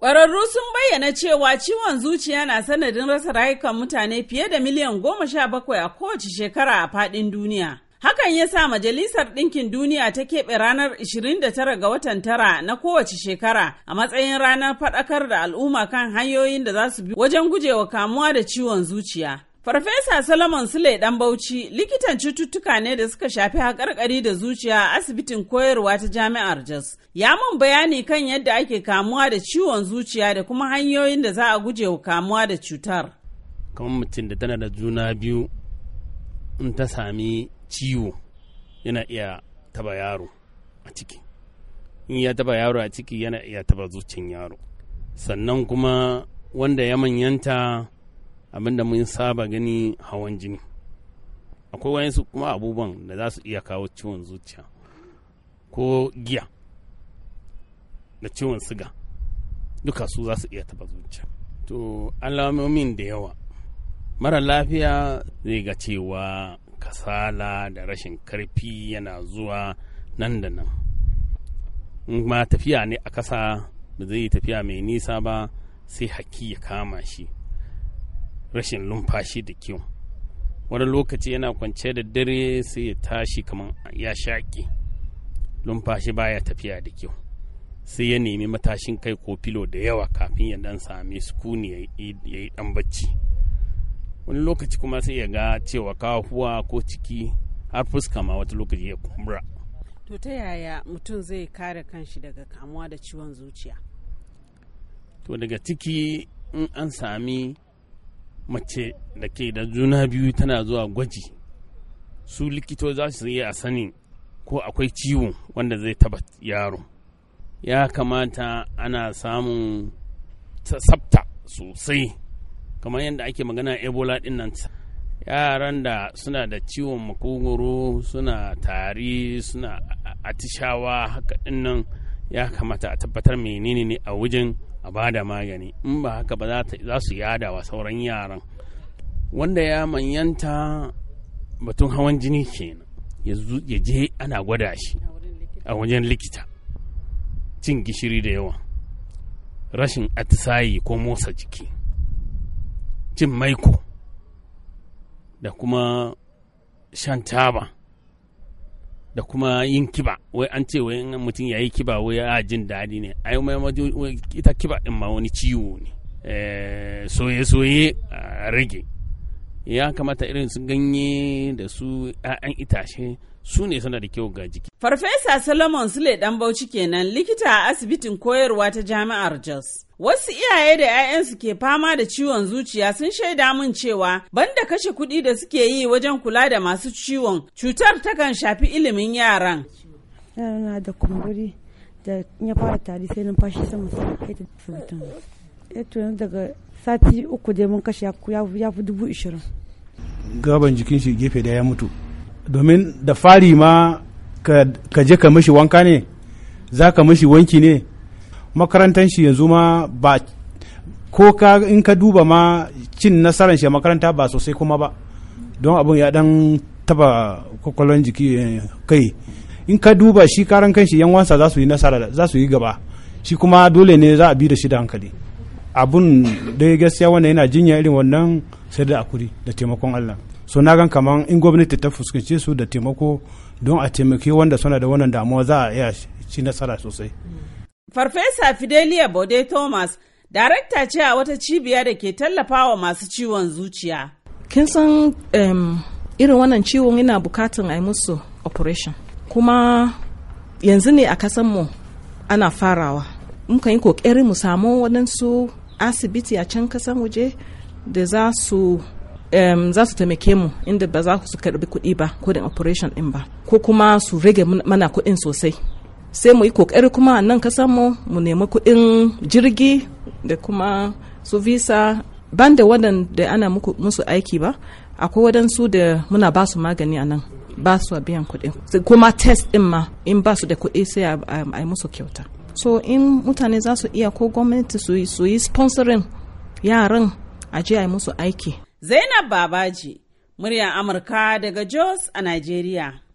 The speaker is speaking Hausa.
Ƙwararru sun bayyana cewa ciwon zuciya na sanadin rasa rayukan mutane fiye da miliyan goma sha bakwai a kowace shekara a faɗin duniya. Hakan ya sa Majalisar Ɗinkin Duniya ta keɓe ranar 29 ga watan tara na kowace shekara a matsayin ranar faɗakar da al'umma kan hanyoyin da za su bi wajen gujewa kamuwa da ciwon zuciya. Farfesa Solomon Sule ɗan Bauchi likitan cututtuka ne da suka shafi haƙarƙari da zuciya a asibitin koyarwa ta Jami'ar Jos. Ya mun bayani kan yadda ake kamuwa da ciwon zuciya da kuma hanyoyin da za a guje wa kamuwa da cutar. Kamar mutum da tana da juna biyu in ta sami ciwo yana iya taba yaro a ciki. In ya taba yaro a ciki yana iya taba zuciyar yaro. Sannan kuma wanda ya manyanta abinda mun saba gani hawan jini akwai wayansu kuma abubuwan da za su iya kawo ciwon zuciya ko giya da ciwon siga duka su za su iya taba zuciya to alamomin da yawa mara lafiya zai ga cewa kasala da rashin karfi yana zuwa nan da nan in ma tafiya ne a kasa ba zai yi tafiya mai nisa ba sai haki ya kama shi rashin numfashi da kyau wani lokaci yana kwance da dare sai ya tashi kamar ya shaƙi numfashi baya tafiya da kyau sai ya nemi matashin kai ko filo da yawa kafin ya dan sami sukuni ya yi dan bacci wani lokaci kuma sai ya ga cewa kafuwa ko ciki har fuska ma wata lokaci ya kumbura to ta yaya mutum zai kare kanshi daga kamuwa da ciwon zuciya to daga ciki in an sami mace da ke da juna biyu tana zuwa gwaji su likito za su yi a sani ko akwai ciwo wanda zai taba yaro ya kamata ana samun tsafta sosai kamar yadda ake magana ebola din nan yaran da suna da ciwon makogoro suna tari suna atishawa haka din nan ya kamata a tabbatar menene ne a wajen a bada magani in ba haka ba za su yada wa sauran yaran wanda ya manyanta batun hawan jini kenan ya je ana gwada shi a wajen likita cin gishiri da yawa rashin atisayi ko motsa jiki cin maiko da kuma shan taba da kuma yin kiba wai an ce wai mutum ya yi kiba wai a jin daɗi ne ai mai ita kiba ɗin ma wani ciwo ne eh, soye-soye a rage ya kamata irin su ganye da su 'ya'yan itace su ne suna da kyau ga jiki. Farfesa Solomon Sule dan Bauchi kenan likita a asibitin koyarwa ta Jami'ar Jos. Wasu iyaye da 'ya'yansu ke fama da ciwon zuciya sun shaida mun cewa banda kashe kuɗi da suke yi wajen kula da masu ciwon cutar takan shafi ilimin yaran. Yana da kumburi da ya fara tari sai numfashi sama eh daga sati uku dai mun ya fi dubu Gaban jikin shi gefe da ya mutu. domin da fari ma ka je ka mishi wanka ne za ka mishi wanki ne makarantar shi yanzu ma ba ko ka in ka duba ma cin nasarar shi makaranta ba sosai kuma ba don abin ya dan taba kwakwalon jiki eh, kai in ka duba shi karan kanshi yan wansa za su yi nasara za su yi gaba shi kuma dole ne za a bi da shi da hankali abun dai gaskiya wannan yana jinya irin wannan sai da akuri da taimakon Allah so na gan kaman in gwamnati ta fuskanci su da taimako don a taimaki wanda suna da wannan damuwa za a iya ci nasara sosai farfesa fidelia bode thomas darakta ce a wata cibiya da ke tallafawa masu ciwon zuciya kin san irin wannan ciwon yana bukatan a musu operation kuma yanzu ne a kasanmu ana farawa muka yi kokari mu samu waɗansu asibiti a can kasan waje da za su um, za su taimake mu inda ba za su karbi kuɗi ba da operation ɗin ba ko kuma su rage mana kuɗin sosai sai mu yi kokari kuma a nan kasan mu mu nemi kuɗin jirgi da kuma su visa ban da waɗanda ana musu aiki ba akwai waɗansu da muna ba su magani a nan ba su biyan kuɗi kuma test ɗin ma in ba su da kuɗi sai a yi musu kyauta so in mutane za su iya ko gwamnati su yi sponsorin yaran a a musu aiki zainab babaji murya amurka daga jos a nigeria